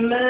الرحمن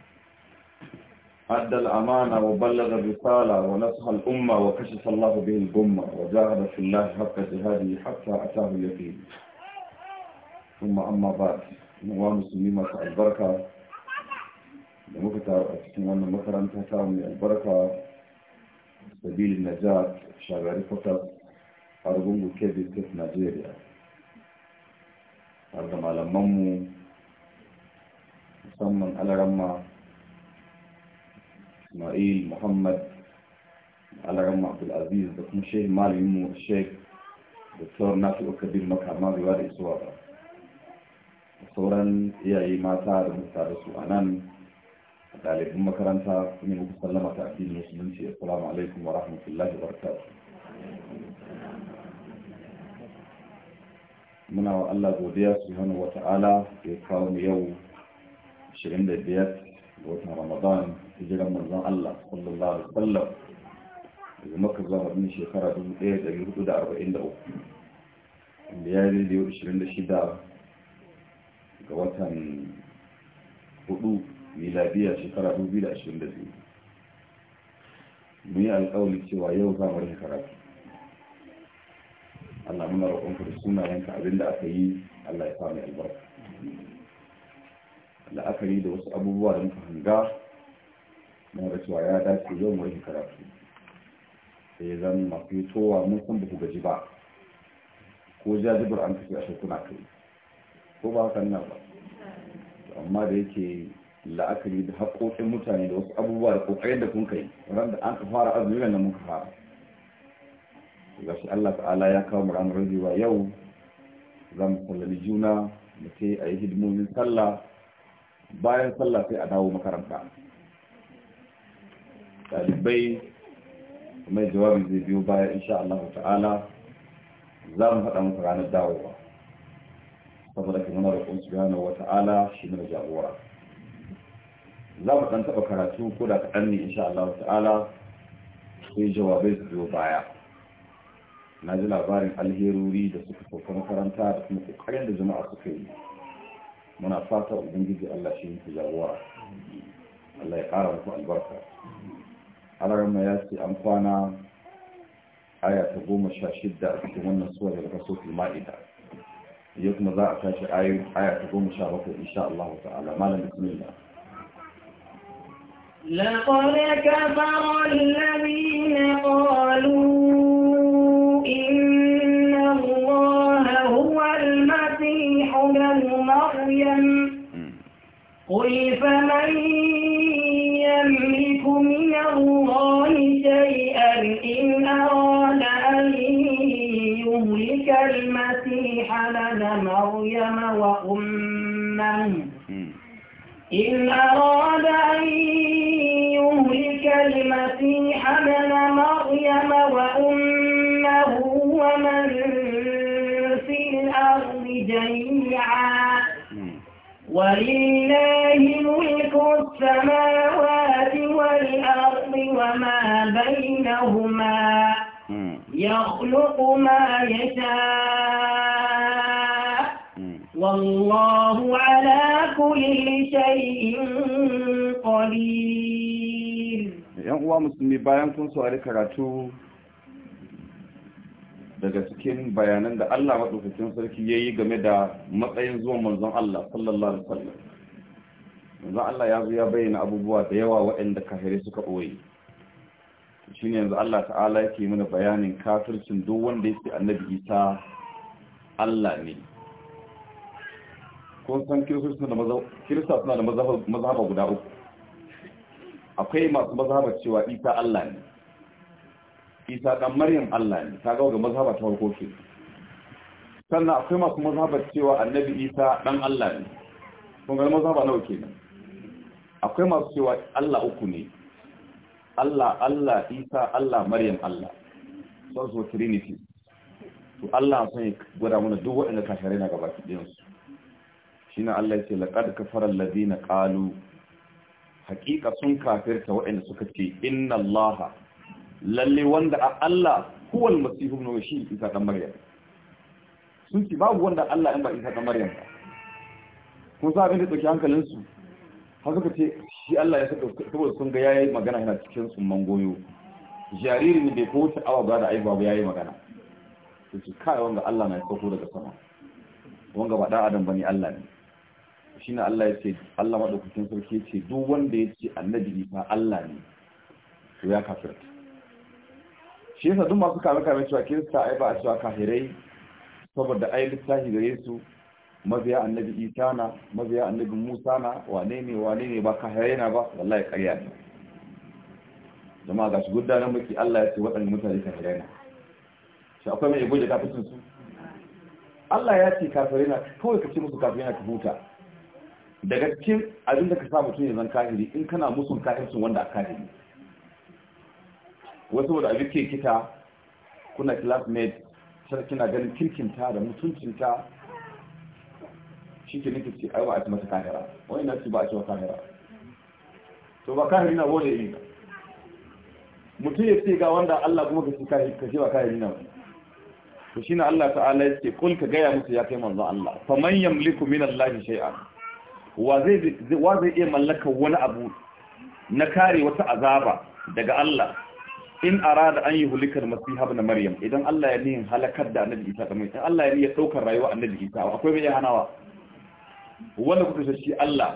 أدى الأمانة وبلغ الرسالة ونصح الأمة وكشف الله به الأمة وجاهد في الله حق جهاده حتى أتاه اليقين ثم أما بعد نوام مسلمين البركة لمكتا أتكلم أن مكرا تتعامل البركة سبيل النجاة شاغري فقط أرغم كيفي كيف نيجيريا أرغم على ممو على alaramma اسماعيل محمد على رحمه عبد العزيز بكم الشيخ مالي يمو الشيخ دكتور نافي وكبير مكه مالي وادي سوابا صورا يا اي ما صار مستعد سوانان طالب ام كرنتا من مسلمه تعديل المسلمين السلام عليكم ورحمه الله وبركاته منا الله جوديا سبحانه وتعالى يقاوم يوم 25 watan ramadan hijiran manzon Allah sallallahu alaihi wasallam daga maka zuwa madina shekara 1443 inda ya yi da 26 ga watan 4 miladiya shekara 2022 mun yi alƙawali cewa yau za mu rage karatu Allah muna roƙon ku da sunayenka abinda aka yi Allah ya sa mai albarka la'akari da wasu abubuwa da muka hanga na da cewa ya dace yau mu rage karatu E, zan mafi towa mun san ba ku gaji ba ko jajibar an kashe a shekuna kai ko ba haka nan ba amma da yake la'akari da haƙoƙin mutane da wasu abubuwa da ƙoƙarin da kun kai ran da an ka fara azumi nan muka fara ga shi Allah ta'ala ya kawo mu ranar rajewa yau za mu juna mu ce a yi hidimomin sallah bayan sallah sai a dawo makaranta ɗalibai mai jawabi zai biyo baya insha Allah ta'ala za mu haɗa muku ranar dawowa saboda ke muna roƙon subhanahu wa ta'ala shi ne jagora za mu ɗan taɓa karatu ko da kaɗan ne insha Allah ta'ala sai jawabai su biyo baya na ji labarin alherori da suka sauka makaranta da kuma ƙoƙarin da jama'a suka yi muna fata ubangiji Allah shi muku jagora Allah ya ƙara muku albarka alarma ya ce an kwana aya ta goma sha shidda a cikin wannan suwar da kaso ma'ida yau kuma za a tashi aya ta goma sha bakwai insha Allah ta'ala malam bismillah لقد كفر الذين قالوا إن قل فمن يملك من الله شيئا إن أراد أن يهلك المسيح لنا مريم وأمه إن أراد أن يهلك المسيح ابن مريم وأمه ومن في الأرض جميعا ولله يخلق ما يشاء والله على كل شيء قدير yan uwa musulmi bayan kun saurari karatu daga cikin bayanan da Allah maɗaukakin sarki yayi game da matsayin zuwan manzon Allah sallallahu alaihi wasallam manzon Allah ya zo ya bayyana abubuwa da yawa waɗanda kafirai suka ɓoye shine yanzu Allah ta'ala yake mana bayanin kafircin duk wanda yake annabi isa Allah ne kun san kirista suna da mazhaba guda uku akwai masu mazhaba cewa isa Allah ne isa dan maryam Allah ne ta ga mazhaba ta farko ce sannan akwai masu mazhaba cewa annabi isa dan Allah ne kun ga mazhaba nawa kenan akwai masu cewa Allah uku ne Allah Allah Isa Allah Maryam Allah son so trinity to Allah son ya gwada mana duk waɗanda kafirai na gaba ɗayan su shine Allah ya ce laqad kafara alladhina qalu haqiqa sun kafirta waɗanda suka ce inna Allah lalle wanda Allah huwal masihu ibn shi Isa dan Maryam sun ci babu wanda Allah in ba Isa dan Maryam Ko kun sa abin da tsoki hankalin su har suka ce shi Allah ya saka saboda sun ga yayi magana yana cikin tsumman goyo jaririn bai ko wuce awa ba da ai babu yayi magana to shi kai wanga Allah na sauko daga sama wanga ba da adam bane Allah ne shine Allah ya ce Allah madaukakin sarki ce duk wanda ya ce annabi ba Allah ne to ya kafir shi yasa duk masu kame kame cewa kirista ai ba a cewa kafirai saboda ai littafi gare su mabiya annabi isa na mabiya annabi musa na wane ne wane ne ba yana ba wallahi ƙarya ne jama'a ga shi gudanar maki Allah ya ce waɗannan mutane kahayena shi akwai mai ibo da kafin su Allah ya ce na kawai ka ce musu na ka huta daga cikin abin da ka sa mutum ya zan kahiri in kana musun kafircin wanda a kahiri wasu wadda abin ke kita kuna classmate kina ganin kirkinta da mutuncinta shi ke nake ce ai ba a ci mata kahira wani na ci ba a ci wa kahira to ba kahiri na wani iri mutum ya ce ga wanda Allah kuma ka ci ka ce ba kahiri na wani to shi na Allah ta'ala ya ce kul ka gaya musu ya kai manzon Allah fa man yamliku min Allah shay'an wa zai wa zai iya mallaka wani abu na kare wata azaba daga Allah in arada an yi hulikar masiha na maryam idan Allah ya nihin halakar da annabi isa da mai Allah ya nihin saukar rayuwa annabi isa akwai mai hanawa wanda kuka ce shi Allah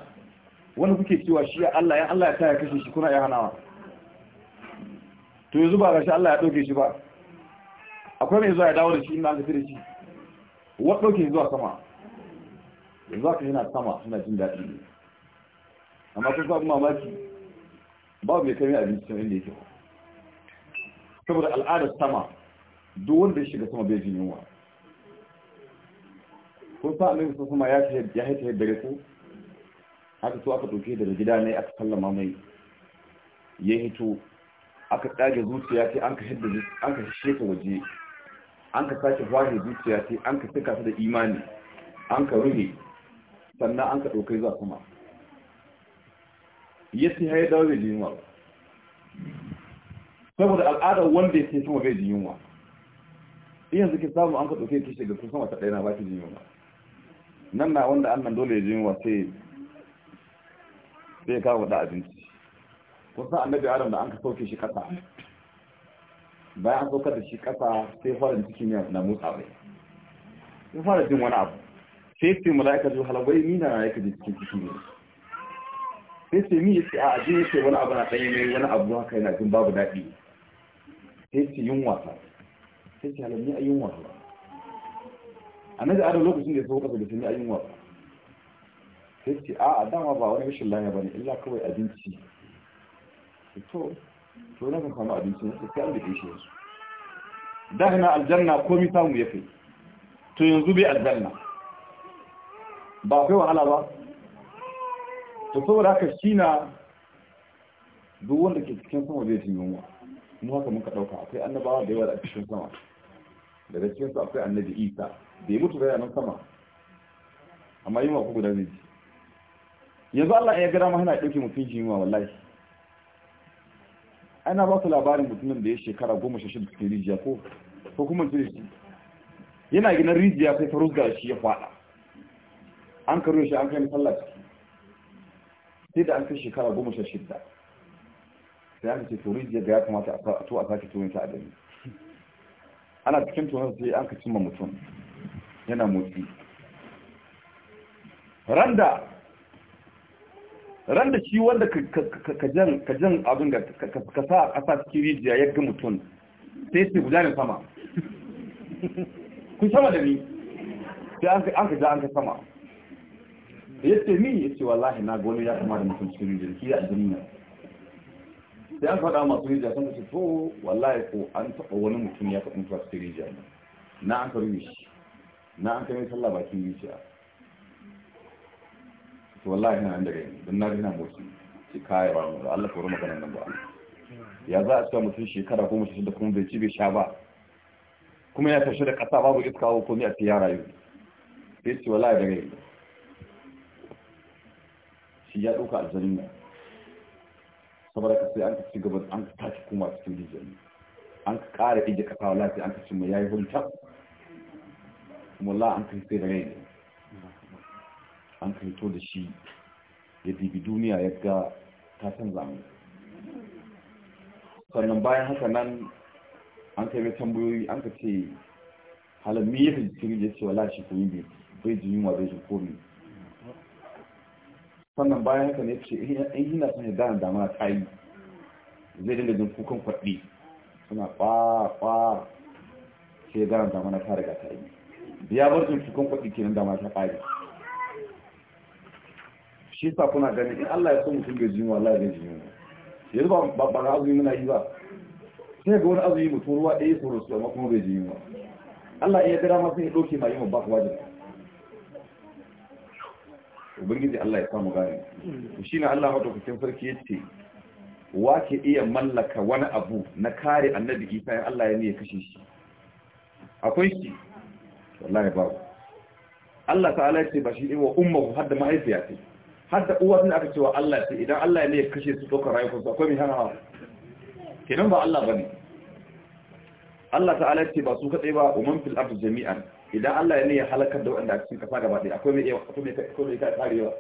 wanda kuke cewa shi Allah ya Allah ya taya kashe shi kuna ya hanawa to yanzu ba shi Allah ya dauke shi ba akwai mai zuwa ya dawo da shi inda an tafi da shi wa dauke zuwa sama yanzu aka yana sama suna jin daɗi ne. amma kun kuma mamaki babu mai kai abinci can inda yake saboda al'adar sama duk wanda ya shiga sama bai jin yunwa kun sa annabi sun kuma ya ya haita dare ku haka to aka ɗauke daga gida ne aka sallama mai ya hito aka tsage zuciya ce an ka hidda an ka shefa waje an ka sake wahe zuciya ce an ka saka da imani an ka ruhe sannan an ka ɗaukai za kuma ya ce ya dawo bai ji yunwa saboda al'adar wanda ya ce sama bai jinwa yunwa zuke ke samu an ka ɗauke ta shiga kusan wata ɗaya na ba ta yunwa nan na wanda annan dole jin ji wa sai sai kawo da abinci kusan annabi adam da an ka sauke shi kasa bayan an saukar da shi kasa sai fara cikin ya na motsa bai sai fara jin wani abu sai sai mala'ika zuwa halawai ni na yake jin cikin cikin ne sai sai mi yace a ajiye sai wani abu na tsaye ne wani abu haka yana jin babu daɗi sai sai yunwa ta sai sai halawai ni a yunwa ta annabi adam lokacin da ya sauka da tuni ayin wa sai ce a a dama ba wani rashin lafiya bane illa kawai abinci to to na kan samu abinci ne sai an da shi yanzu da hana aljanna mi samu ya kai to yanzu bai aljanna ba kai wahala ba to saboda haka shi na duk wanda ke cikin sama zai tunyi mu haka muka dauka akwai annabawa da yawa da cikin sama daga cikin su akwai annabi isa bai mutu bai yana nan sama amma yi mafi guda zai yanzu allah ya gara ma yana ɗauke mutum jima wallahi ana ba su labarin mutumin da ya shekara goma sha shida cikin rijiya ko ko kuma cire yana gina rijiya sai ta rusga shi ya faɗa an karo shi an kai sallah ciki sai da an kai shekara goma sha shidda. sai aka ce to rijiya da ya kamata a to a sake tuni a adami ana cikin tuhon sai an ka cimma mutum yana motsi randa randa shi wanda ka jan abin da ka sa a sa cikin rijiya ya ga mutum sai sai ne sama kun sama da ni sai an ka ja an ka sama ya ce ni ya ce wallahi na gole ya kama da mutum cikin rijiya ki a ajiyar sai an faɗa masu hijira sun ce to wallahi ko an taɓa wani mutum ya faɗin tuwa cikin hijja ne na an karbi shi na an kai sallah bakin hijira to wallahi ina da gani don na gina motsi shi kaya ba mu Allah koro maganar nan ba ya za a cewa mutum shekara ko mutum da kuma bai ci bai sha ba kuma ya tashi da ƙasa babu iska ko komai a ce ya rayu sai ce wallahi da gani shi ya ɗauka aljanna saboda ka sai an ci gaba an tashi kuma cikin dijiyar an kare ɗige ƙasa wala lafi an ka cimma ya yi hulta kuma la an kai sai da rai an kai to da shi ya bibi duniya ya ga ta san zamu sannan bayan haka nan an kai mai tambayoyi an ka ce halar me ya fi jikin rijiyar cewa la shi koyi bai jin yunwa bai jin komi sannan bayan ka ne ce in hina sun yadda da dama ta yi zai dinga jin kukan kwaɗi suna kwa-kwa sai ya gana dama ta riga ta yi biya bar jin kukan kwaɗi kenan dama ta ƙari shi sa kuna gani in Allah ya so mutum bai jini wallahi bai jini yanzu ba ba azumi muna yi ba sai ga wani azumi mutum ruwa ɗaya sauransu amma kuma bai jini ba Allah ya gara ma sai ya ɗauke ma yi ma ba wajen ubangiji Allah ya samu gane shi ne Allah madaukakin sarki yace wa ke iya mallaka wani abu na kare annabi Isa in Allah ya ne ya kashe shi akwai shi wallahi ku. Allah ta'ala ya ce ba shi ne wa ummuhu hadda mahaifiya ce hadda uwa ne aka cewa Allah ce idan Allah ya ne ya kashe su dokar rayuwar su akwai mai hana kenan ba Allah bane Allah ta'ala ya ce ba su kadai ba umman fil ardi jami'an idan Allah ya ne ya halakar da wanda a cikin kasa gaba ɗaya akwai mai iya akwai mai karewa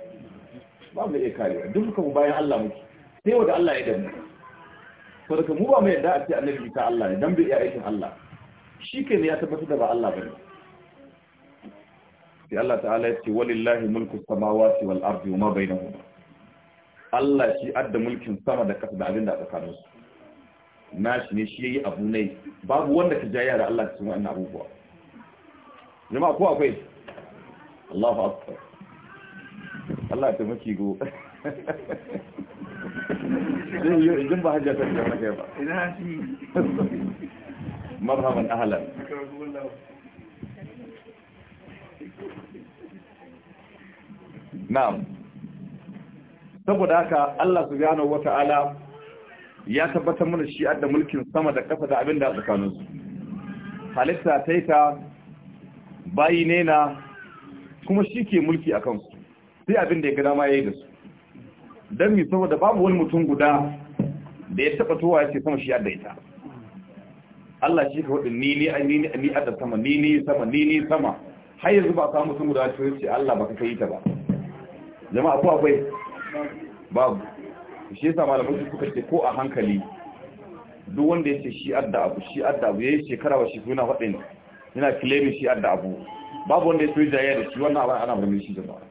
ba mu iya karewa duk kuma bayan Allah muke sai wanda Allah ya damu to daga mu ba mu yadda a ce annabi ka Allah ne dan bai iya aikin Allah shi ne ya tabbatar da ba Allah bane sai Allah ta'ala ya ce walillahi mulku samawati wal ardi wa ma bainahuma Allah shi adda mulkin sama da ƙasa da abinda a tsakaninsu nashi ne shi yayi abu ne babu wanda ka jayya da Allah cikin wannan abubuwa jama'a ko akwai Allahu akbar Allah ya taimaki go idan ba hajjata da wani kai ba ina shi marhaban ahlan na'am saboda haka Allah subhanahu wata'ala ya tabbatar mana shi da mulkin sama da kafa da abin da tsakaninsu halitta taita bayi ne na kuma shi ke mulki a kansu sai abin da ya gada ma ya yi da su don mi saboda babu wani mutum guda da ya taɓa towa ya ce sama shi yadda ita Allah shi ka waɗi ni a ni ne ni da sama ni ni sama ni ni sama har yanzu ba a samu mutum guda ce ce Allah baka kai ta ba jama'a ko akwai babu shi yasa malamai suka ce ko a hankali duk wanda ya ce shi adda abu shi adda abu yi shekara wa shi kuna faɗin yana kilemi shi adda abu babu wanda ya so jayya da shi wannan abin ana ganin shi jama'a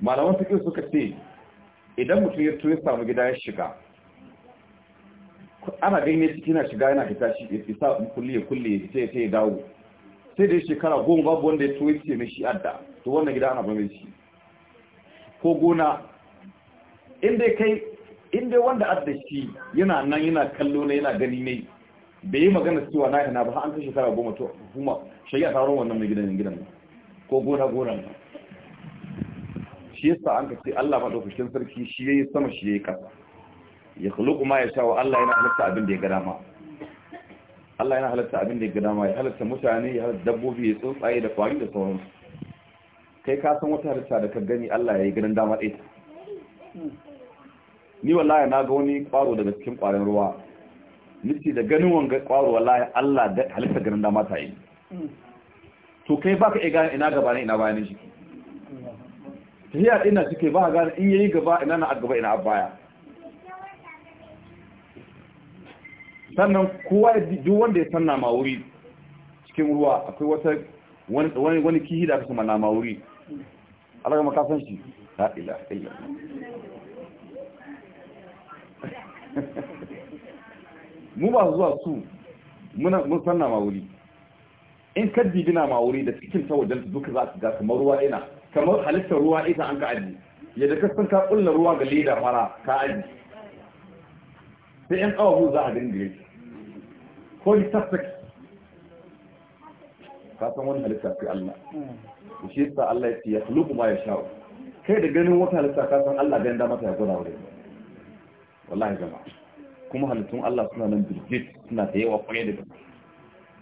malaman suke suka ce idan mutum ya tuye samu gida ya shiga ana ganin ciki na shiga yana fita shi ya fi kulli ya ya fita ya fita ya dawo sai da shekara goma babu wanda ya tuye ce shi adda to wannan gida ana ganin shi ko gona inda kai inda wanda adda shi yana nan yana kallo ne yana gani ne bai yi magana cewa na yana ba an kai shekara goma to kuma shari'a ta wannan mai gidan gidan ko gona goran shi yasa an kace Allah dokokin sarki shi yayi sama shi yayi kasa ya khuluqu ma yasha wa Allah yana halatta abin da ya ga dama Allah yana halatta abin da ya ga dama ya halatta mutane ya halatta dabbobi ya tsuntsaye da kwari da sauransu kai ka san wata halitta da ka gani Allah ya yi ganin dama ɗaya ni wallahi na ga wani kwaro daga cikin kwarin ruwa nishi da ganin wanga kwaro wallahi Allah da halitta ganin dama ta yi to kai baka iya gane ina gaba ne ina bayan shi tahiya ina suke ba gane in yayi gaba ina na gaba ina baya sannan kowa duk wanda ya sanna ma wuri cikin ruwa akwai wata wani wani kihi da aka sama na ma wuri Allah ga ka san shi la ilaha illallah mu ba zuwa su muna mun sanna ma wuri in ka dibina ma wuri da cikin ta wajen duka za ka ga kamar ruwa ina kamar halittar ruwa ita an ka aji yadda ka san ka kulla ruwa ga leda fara ka aji sai yan kawahu za a dinga yi ko yi tattaki ka san wani halitta fi Allah to shi yasa Allah ya ce ya khluqu ma yasha'u kai da ganin wata halitta ka san Allah ga yanda mata ya gura wurin wallahi jama'a kuma halittun Allah suna nan birjit suna da yawa kwaye da gaske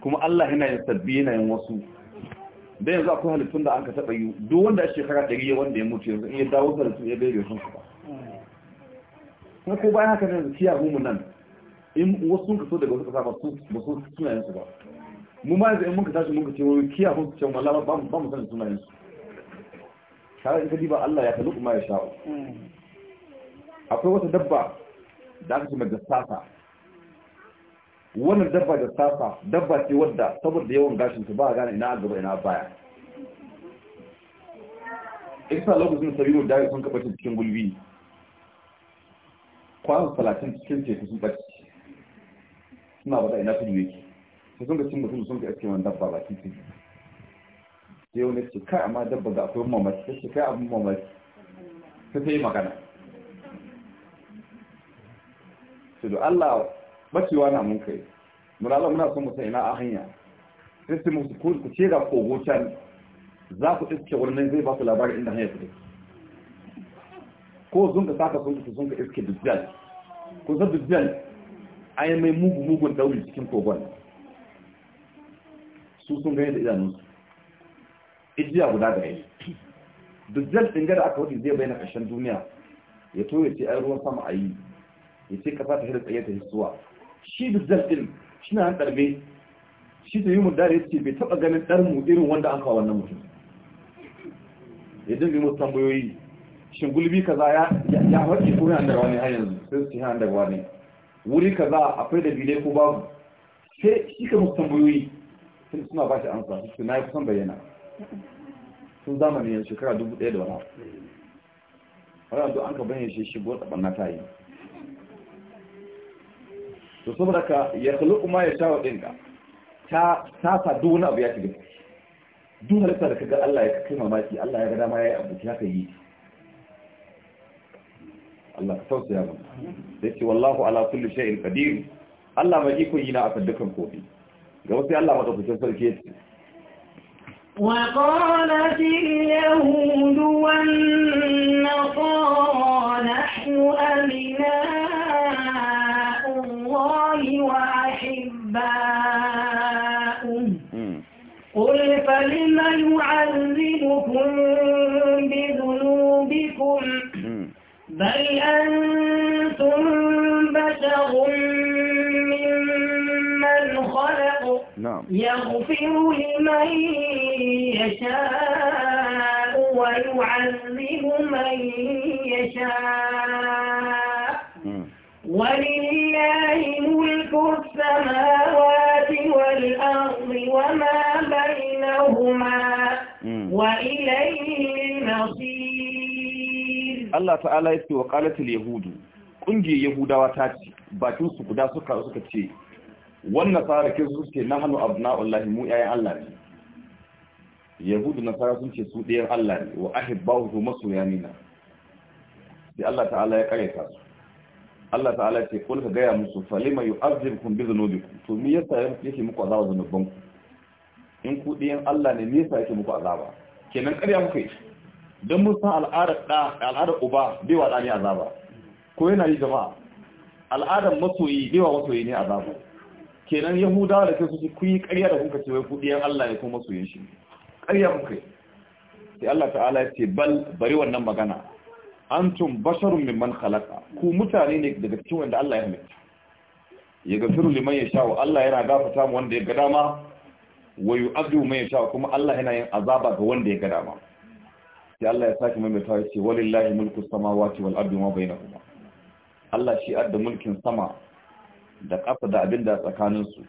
kuma Allah yana yin sabbi yana yin wasu da yanzu akwai halittun da aka taɓa yi duk wanda a shekara ɗari ya wanda ya mutu yanzu in ya dawo da halittun ya bai bai sun ba kuma ko bayan haka yanzu kiya mu nan in wasu sun kaso daga wasu kasa ba su ba su sunayen su ba mu ma yanzu in mun ka tashi mun ka ce wani kiya mun ce wallahi ba ba mu san sunayen su kare in ka diba Allah ya kalu kuma ya sha'u hmm. akwai wata dabba da aka ce mai wannan dabba da gassasa dabba ce wadda saboda yawan gashinta ba a gane ina gaba ina baya isa lokacin da sabiru da sun kaɓa cikin gulbi kwanan talatin cikin teku sun ɓace suna bada ina tudu yake sai sun ga cin mutum sun ga ake wani dabba bakin tudu sai wani ce kai amma dabba ga akwai mamaki sai ce kai abin mamaki sai ta yi magana sai da Allah bacewa na mun kai mun Allah muna son mu san ina a hanya sai su musu ku ku ce ga kogo can za ku iske wannan zai ba ku labarin inda hanya take ko zun saka sun ku zunka iske dujjal ko za dujjal ai mai mugu mugun dauri cikin kogon su sun gani da idanunsu ijiya guda da yi dujjal din da aka wuce zai bayyana ƙarshen duniya ya to ya ce ai ruwan sama ayi ya ce ka fata shirin tsaye ta hisuwa shi dujjal din shi na ɗarbe shi ta yi mu dare ce bai taɓa ganin ɗarmu irin wanda an kawo wannan mutum ya jin bi musu tambayoyi shin gulbi kaza ya ya haƙi ko yana daga wani har yanzu sai su yana daga wani wuri kaza akwai da bile ko babu sai shi ka musu tambayoyi sun suna ba shi ansa su na yi kusan bayyana sun zamani yanzu shekara dubu ɗaya da wani wani an ka bayyana shi shigo da ɓanna ta yi to saboda ka ya khluqu ma ya shawo din ka ta ta sa duk wani abu ya shiga duk da ka ga Allah ya kai mamaki Allah ya ga dama yayi abu haka yi Allah ka tausaya mu sai ce wallahu ala kulli shay'in qadir Allah mai iko yi na akan dukan kofi ga wasu Allah madaukakin sarki ya ce وقالت اليهود والنصارى فلم يعذبكم بذنوبكم بل أنتم بشر ممن خلق نعم. يغفر لمن يشاء ويعذب من يشاء ولله ملك السماوات Allah Ta'ala ya ce wa ƙalatul Yahudu ƙungiyar yahudawa ta ce bakin su guda suka suka ce wannan tsara kin su ce nahnu abna'ullahi mu yayan Allah ne yahudu nasara sun ce su ɗayan Allah ne wa ahibbahu hum nina, sai Allah ta'ala ya kare ta su Allah ta'ala ce kul ka gaya musu falima yu'azzibukum bi dhunubikum to me yasa yake muku azaba zanubanku in ku ɗayan Allah ne me yasa yake muku azaba kenan ƙarya muka yi don mun san al'adar uba baiwa ɗani azaba ko yana yi jama'a al'adar masoyi baiwa masoyi ne azaba kenan yahudawa da kai su ku yi ƙarya da kuka ce wai ku ɗiyan allah ya kuma masoyin shi ƙarya muka yi sai allah ta'ala ya ce bal bari wannan magana An tun basharun mimman khalaqa ku mutane ne daga cikin wanda allah ya halitta ya gafiru liman ya sha'u allah yana gafata mu wanda ya ga dama wa yu'adhibu man yasha kuma Allah yana yin azaba ga wanda ya ga dama sai Allah ya saki mai mutawa yace walillahi mulku samawati wal ardi ma bainahuma Allah shi adda mulkin sama da ƙasa da abin da tsakanin su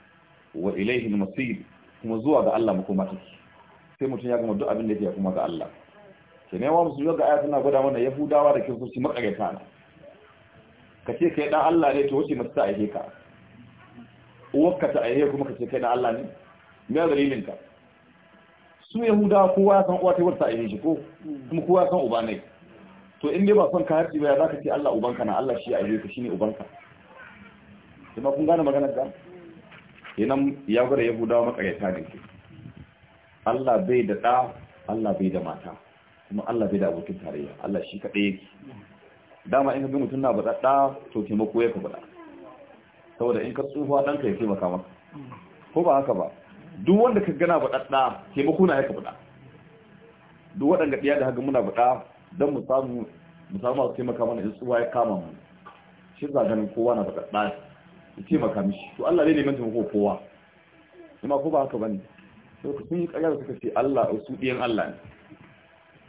wa ilayhi al-masir kuma zuwa ga Allah makoma take sai mutum ya gama duk abin da yake kuma ga Allah Sai ne wa musu ga ayatuna gwada mana yahudawa da kiristoci makareta na ka ce kai dan Allah ne to wace masu ta aihe ka uwarka ta aihe kuma ka ce kai dan Allah ne ga dalilin ka su yahudawa kowa ya san uwa ta wata ainihi shi ko kuma kowa ya san uba ne to in dai ba son ka harci ba za ka ce Allah ubanka na Allah shi a ka shine ubanka kuma kun gane maganar ka yanan ya gwada yahudawa makareta ne Allah bai da ɗa Allah bai da mata kuma Allah bai da abokin tarayya Allah shi kaɗai yake dama in ka bi mutum na baɗa ɗa to taimako ya ka baɗa saboda in ka tsufa ɗanka ya taimaka maka ko ba haka ba duk wanda ka gana baɗaɗɗa taimako na haka baɗa duk waɗanda ɗiya da haka muna baɗa don mu samu masu taimaka mana in tsuwa ya kama mu shi za ganin kowa na baɗaɗɗa ya taimaka mishi to Allah ne neman taimako kowa kuma ko ba haka bane sai ka sun yi ƙarya suka ce Allah su ɗiyan Allah ne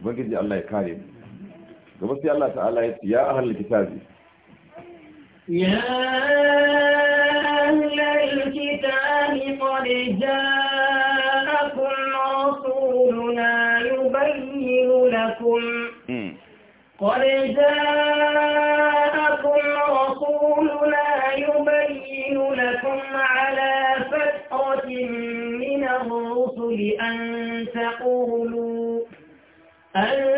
ubangiji Allah ya kare mu gaba sai Allah ta'ala ya ce ya ahlul kitabi ya ahlul kitabi qad jaa لكم قد جاءكم رسولنا يبين لكم على فترة من الرسل أن تقولوا أن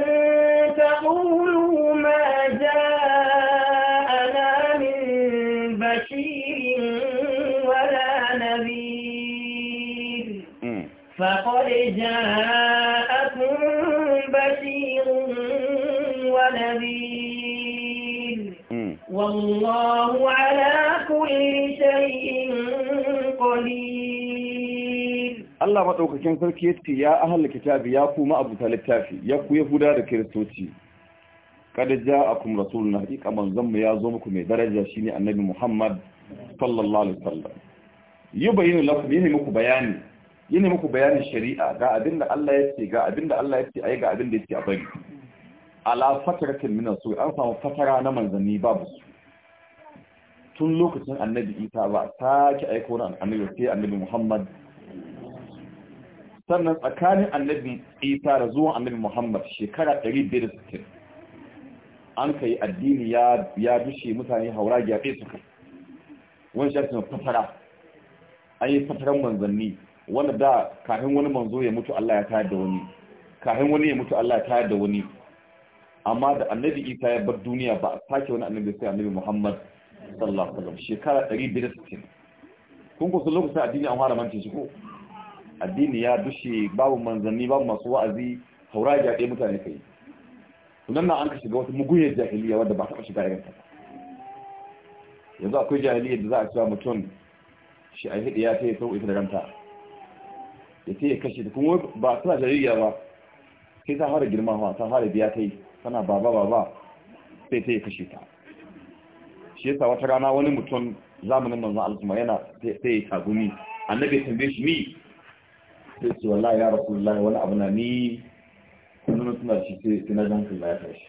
Allah maɗaukakin sarki ya ce ya ahal kitabi ya kuma ta littafi ya ku yahuda da kiristoci kada ja a kuma rasulun haƙiƙa mu ya zo muku mai daraja shi ne annabi muhammad sallallahu alaihi sallam yi bayani lakum yi ne muku bayani yi ne muku bayani shari'a ga abin da Allah ya ce ga abin da Allah ya ce ai ga abin da ya ce a bari ala fataratin min rasul an samu fatara na manzanni babu su tun lokacin annabi isa ba sake aiko na annabi sai annabi muhammad sannan tsakanin annabi isa da zuwan annabi muhammad shekara 160 an ka yi addini ya dushe mutane haura gyaɓe su kai wani shafi mai fatara an yi fataran manzanni wanda da kafin wani manzo ya mutu allah ya tayar da wani kafin wani ya mutu allah ya tayar da wani amma da annabi isa ya bar duniya ba a sake wani annabi sai annabi muhammad sallallahu alaihi wasallam shekara 160 kun kusa lokacin addini an fara mance shi ko addini ya dushe babu manzanni babu masu wa'azi haura ya ɗaya mutane kai sunan na an ka shiga wata muguyar jahiliya wadda ba ta shiga yin ta yanzu akwai jahiliyar da za a cewa mutum shi a hidi ya ta yi sauƙi da ranta ya ta yi kashe ta kuma ba na jahiliya ba sai ta fara girma ma ta fara biya ta yi tana baba baba sai ta yi kashe ta shi yasa wata rana wani mutum zamanin manzan al'umma yana sai ya tagumi annabi tambaye shi ni sai ce wallahi ya rasulullahi wani abu na ni kullum suna shi sai sai na jankin ya tashi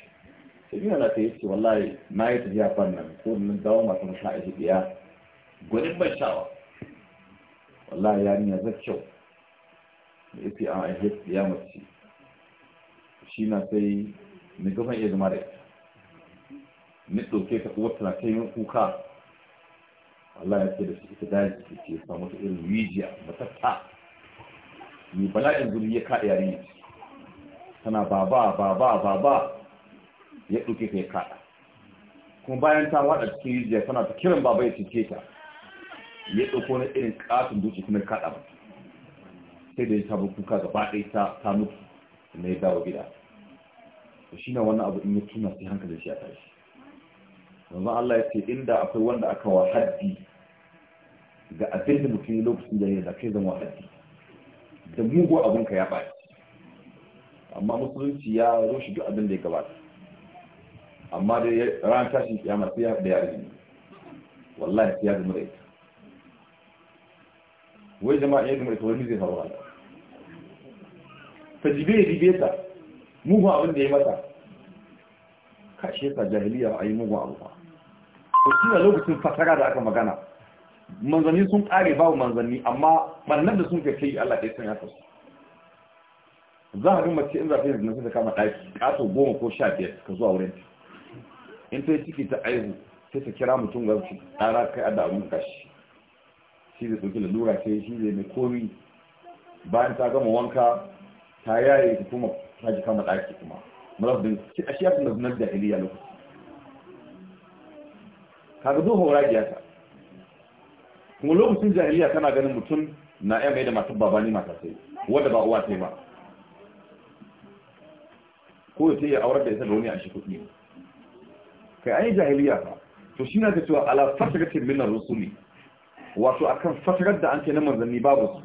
sai ina na sai ce wallahi na yi tafiya fannan ko nan dawo masu masha a biya gwanin ban sha'awa wallahi ya niya zai kyau da ya ce a aihai ya mace shi na sai ni gaban iya zama da ita ni ɗauke ta kuma tana kai yin kuka Allah ya ce da shi ita daji ke samu ta irin rijiya matatta mai bala'in zuri ya kaɗa ne tana baba baba baba ya ɗauke ta ya kaɗa kuma bayan ta waɗa cikin rijiya tana ta kiran baba ya cike ta ya ɗauko na irin ƙasin duci kuma ya kaɗa sai da ya samu kuka gaba ɗaya ta ta mutu na ya dawo gida to shi na wannan abu in ya tuna sai hankalin shi ya tashi yanzu Allah ya ce inda akwai wanda aka wa haddi ga abin da mutum lokacin da ya zafe zan wa haddi da mugu abinka ya faɗi amma musulunci ya rushe duk abin da ya gabata amma da ran tashin kiyama sai da ya ne wallahi sai ya zama da ita wai jama'a ya zama da ita wani zai faru haka ta jibe ya jibe ta mugun abin da ya mata kashe ta jahiliya a yi mugun abu ba ko kina lokacin fasara da aka magana manzanni sun kare babu manzanni amma bannan da sun ke kai Allah ya sanya su za a rin mace in za ta yi zina ta kama ɗaki ƙato goma ko sha biyar ka zuwa wurin ta. in ta yi ciki ta aihu sai ta kira mutum ga su ɗara kai adda abin ka shi zai ɗauki lalura sai shi zai mai komi bayan ta gama wanka ta yaye ta kuma ta ji kama ɗaki kuma mulafdin shi a shi ya tuna da jahiliya lokaci kaga zo haura giyata kuma lokacin jahiliya tana ganin mutum na ya mai da matan babani mata sai wadda ba uwa ce ba ko ya ce ya aurar da ita da wani a shi kuɗi kai an yi jahiliya ba to shi na ta cewa ala fatagatin minar rusuli wato akan fasirar da an ce na manzanni babu su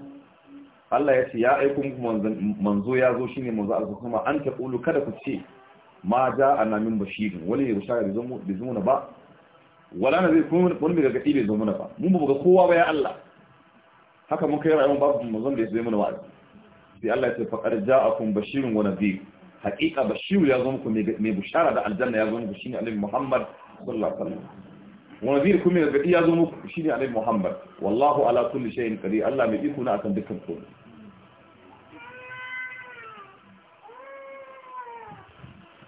Allah ya ce ya aiko muku manzo ya zo shi ne manzo Allah an ta kulu kada ku ce ma ja ana min bashirin wani ya rusha da zumu na ba wala na zai kuma wani mai gargaɗi bai zo muna ba mun ba ga kowa ba ya Allah haka mun kai rayuwar babu mazan da ya zai muna wa'azi sai Allah ya ce faqad ja'akum bashirun wa nadhir haqiqa bashiru ya zo muku mai bushara da aljanna ya zo muku shine annabi Muhammad sallallahu alaihi wasallam wa nadhir kuma gargaɗi ya zo muku shine annabi Muhammad wallahu ala kulli shay'in qadir Allah mai iko na akan dukkan komai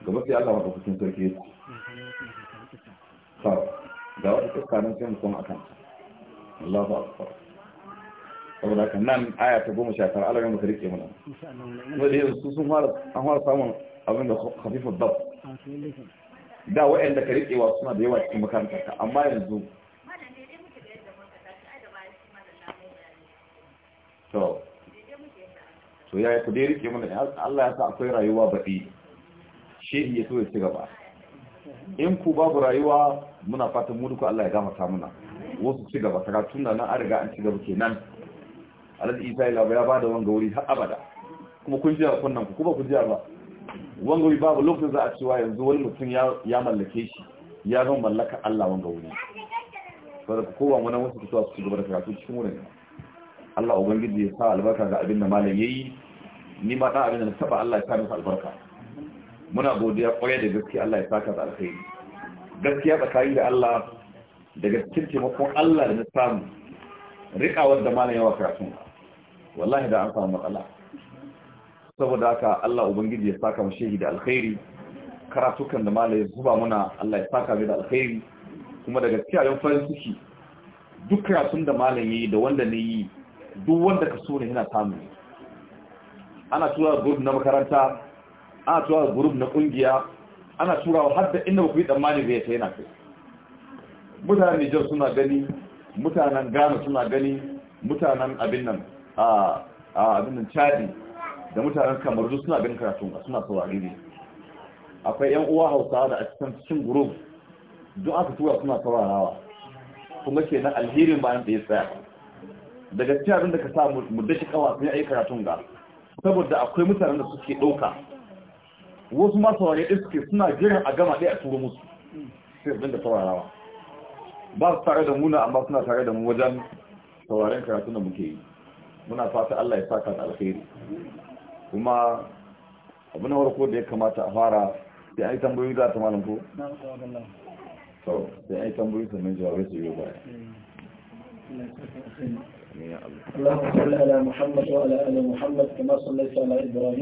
gaba sai Allah ya madaukakin sarki ya ce ga wata fuska nan sai mutum akan Allahu akbar saboda kan nan aya ta goma sha tara alamin muka rike mana wanda su sun fara an fara samun abin da khafifat dab da da ka riƙewa suna da yawa cikin makaranta amma yanzu to to ya ku dai rike mana Allah ya sa akwai rayuwa baɗi Shehi ya so ya ci gaba in ku babu rayuwa muna fatan mu duka Allah ya gafarta muna wasu ci gaba karatun nan an riga an ci gaba kenan Alhaji Isa ya ya bada wanga wuri har abada kuma kun ji a kunnan ku kuma kun ji ba wanga wuri babu lokacin za a cewa yanzu wani mutum ya mallake shi ya zama mallaka Allah wanga wuri saboda ku kowa wani wasu kusa su ci gaba da karatu cikin wurin Allah ubangiji ya sa albarka ga abin da malam yayi ni ma da abin da na taba Allah ya sa masa albarka muna godiya kwarai da gaske Allah ya saka da alkhairi gaskiya tsakani da Allah da cikin taimakon Allah da na samu riƙawar da malam yawa karatun wallahi da an samu matsala saboda haka Allah ubangiji ya saka mu shehi da alkhairi karatukan da malam ya zuba muna Allah ya saka mu da alkhairi kuma da cikin ayon farin ciki duk karatun da malam yayi da wanda ne yi duk wanda ka so ne yana samu ana tura gurbin na makaranta ana tura group na kungiya ana turawa har da inda baku tsammani zai ta yana kai mutanen Nijar suna gani mutanen Ghana suna gani mutanen abin nan a abin nan Chadi da mutanen Kamaru suna ganin karatun suna saurari ne akwai yan uwa Hausawa da a cikin cikin group duk aka tura suna saurarawa kuma ke na alherin bayan da ya tsaya daga cikin abin da ka sa mu dashi kawa sun yi karatun ga saboda akwai mutanen da suke ɗauka wasu masu iske suna jiran a gama ɗaya a turo musu sai abin da saurarawa ba su tare da muna amma suna tare da mu wajen sauraren karatu da muke yi muna fata Allah ya saka da alkhairi kuma abu na warko da ya kamata a fara sai an yi tambayoyi za ta malam ko? so sai an yi tambayoyi sannan jawabai su yi baya اللهم صل على محمد وعلى ال محمد كما صليت على ابراهيم